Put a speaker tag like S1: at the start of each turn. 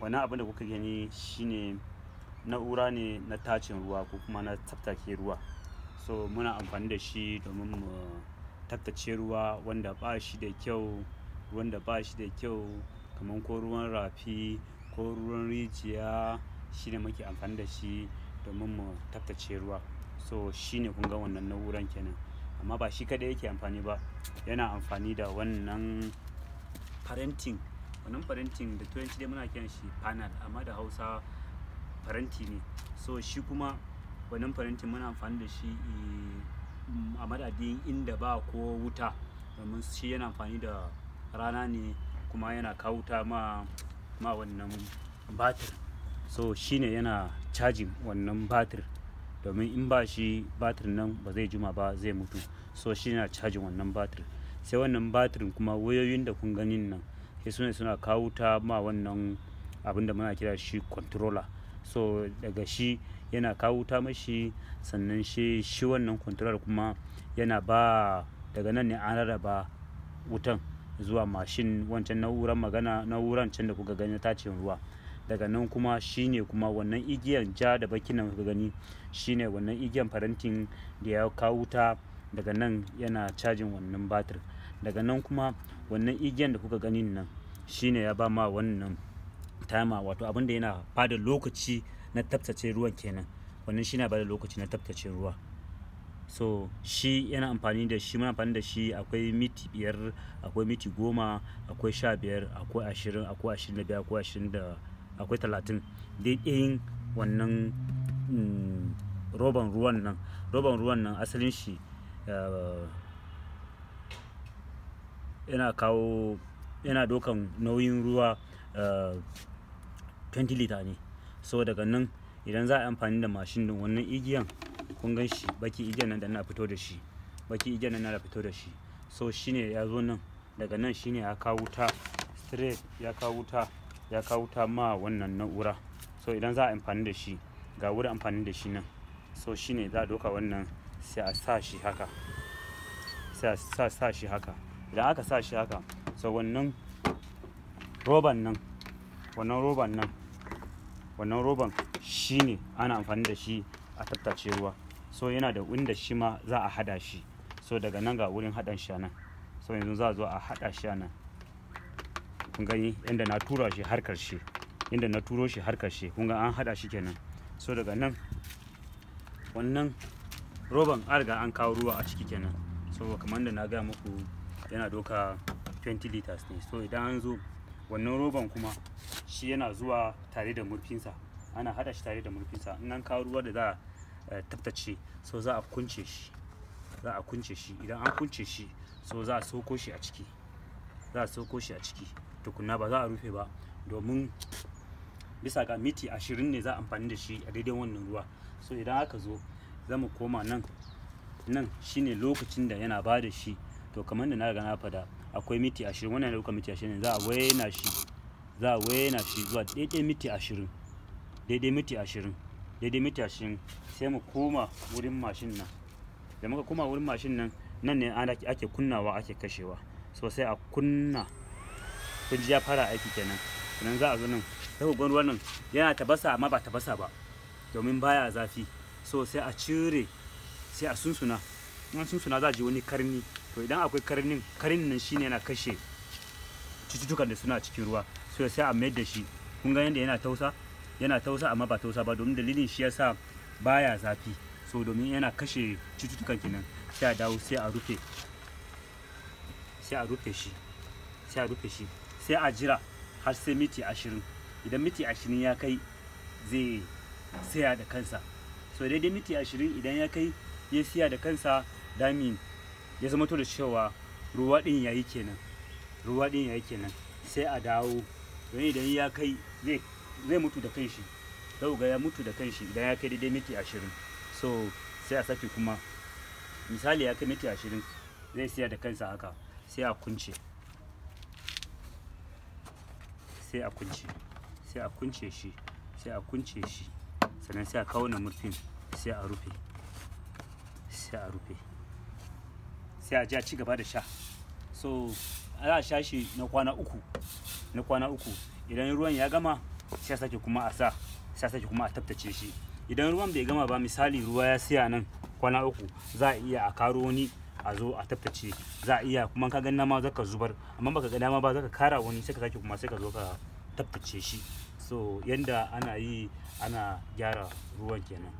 S1: wannan abin da kuka gani shine na'ura ne na tacin ruwa ko kuma na tsaftace ruwa so muna amfani da shi domin mu tsaftace ruwa wanda ba shi da kyau ruwan ba shi da kyau kamar ko ruwan rafi ko ruwan rijiya shine muke amfani da shi domin mu tsaftace ruwa so shine kun ga wannan na'uran kenan amma ba shi kadai yake amfani ba yana amfani da wannan parenting wannan farantin da turanci dai muna kiran shi panel amma da hausa faranti ne so shi kuma wannan farantin muna amfani da shi eh, a madadin inda ba ko wuta domin shi yana amfani da rana ne kuma yana kawo wuta ma ma wannan batir so shi ne yana cajin wannan batir domin in ba shi batir nan ba zai juma ba zai mutu so shi yana cajin wannan batir sai wannan batirin kuma wayoyin da kun ganin nan sai suna suna kawo ta ma wannan abin da muna kira shi controller so daga shi yana kawo ta mashi sannan shi shi wannan controller kuma yana ba daga nan ne an rarraba wutan zuwa mashin wancan na'urar magana na'urar can da kuka gani tacin ruwa daga nan kuma shine kuma wannan igiyar ja da baki nan kuka gani shine wannan igiyar farantin da ya kawo ta daga nan yana cajin wannan batir daga nan kuma wannan igiyan da kuka ganin nan shine ya ba ma wannan tama wato abinda da yana bada lokaci na tabtace ruwan kenan wannan shine bada lokaci na tabtace ruwa so shi yana amfani da shi muna amfani da shi akwai miti biyar akwai miti goma akwai sha biyar akwai ashirin akwai ashirin da biyar akwai ashirin da akwai talatin daidai wannan mm, roban ruwan nan roban ruwan nan asalin shi eh, yana kawo yana dokan nauyin ruwa 20 eh, lita ne so daga nan idan za a amfani da mashin din wannan igiyan kun gan shi baki igiyan nan da na fito da shi baki igiyan nan na fito da shi so shine ya zo nan daga nan shine ya kawo ta straight ya kawo ta ya kawo ta ma wannan na'ura so idan za a amfani da shi ga wuri amfani da shi nan so shine za a doka wannan sai a sa shi haka sai a sa shi haka idan aka sa shi haka so wannan roban nan wannan roban nan wannan roban shi ne ana amfani da shi a tattace ruwa so yana da inda shi ma za a hada shi so daga nan ga wurin hadan shi nan so yanzu za a zo a hada shi nan kun gani inda na tura shi har karshe inda na turo shi har karshe kun ga an hada shi kenan so daga nan wannan roban an riga an kawo ruwa a ciki kenan so kamar da na gaya muku yana doka 20 liters ne so idan an zo wannan roban kuma shi yana zuwa tare da murfinsa ana hada shi tare da murfinsa in an kawo ruwa da za a eh, taftace so za a kunce shi za a kunce shi idan an kunce shi so za a soko shi a ciki za a soko shi a ciki tukunna ba za a rufe ba domin bisa ga miti ashirin ne za a amfani da shi a daidai wannan ruwa so idan aka zo za koma nan nan shine lokacin da yana ba da shi to kamar da na riga na fada akwai miti ashirin wannan ɗaukar miti ashirin za a waina shi za a waina shi zuwa daidai miti ashirin daidai miti ashirin daidai miti ashirin sai mu koma wurin mashin nan da muka koma wurin mashin nan nan ne ake kunnawa ake kashewa so sai a kunna kun ji ya fara aiki kenan sannan za a zo nan sai ku ruwan nan yana tabasa amma ba tabasa ba domin baya zafi so sai a cire sai a sunsuna in sunsuna za a ji wani karni to idan akwai karnin karin nan shine yana kashe cututtukan da suna cikin ruwa so sai a mayar da shi kun ga yadda yana tausa yana tausa amma ba tausa ba domin dalilin shi yasa baya zafi so domin yana kashe cututtukan kenan sai a dawo sai a rufe sai a rufe shi sai a rufe shi sai a jira har sai miti ashirin idan miti ashirin ya kai zai siya da kansa so daidai miti ashirin idan ya kai ya siya da kansa damin ya zama to da cewa ruwa din yayi kenan ruwa din yayi kenan sai a dawo don idan ya kai zai zai mutu da kanshi zau ga ya mutu da kanshi idan ya kai daidai miti ashirin so sai a saki kuma misali ya kai miti ashirin zai siya da kansa haka sai a kunce sai a kunce sai a kunce shi sai a kunce shi sannan sai a kauna murfin sai a rufe sai a rufe sai a ji a ci gaba da sha so za a sha shi na kwana uku na kwana uku idan ruwan ya gama sai sake kuma a sa sai sake kuma a taftace shi idan ruwan bai gama ba misali ruwa ya siya nan kwana uku za a iya a karo wani a zo a taftace za a iya kuma ka ga nama ka zubar amma baka ga dama ba za ka kara wani sai ka sake kuma sai ka zo ka taftace shi so yanda ana yi ana gyara ruwan kenan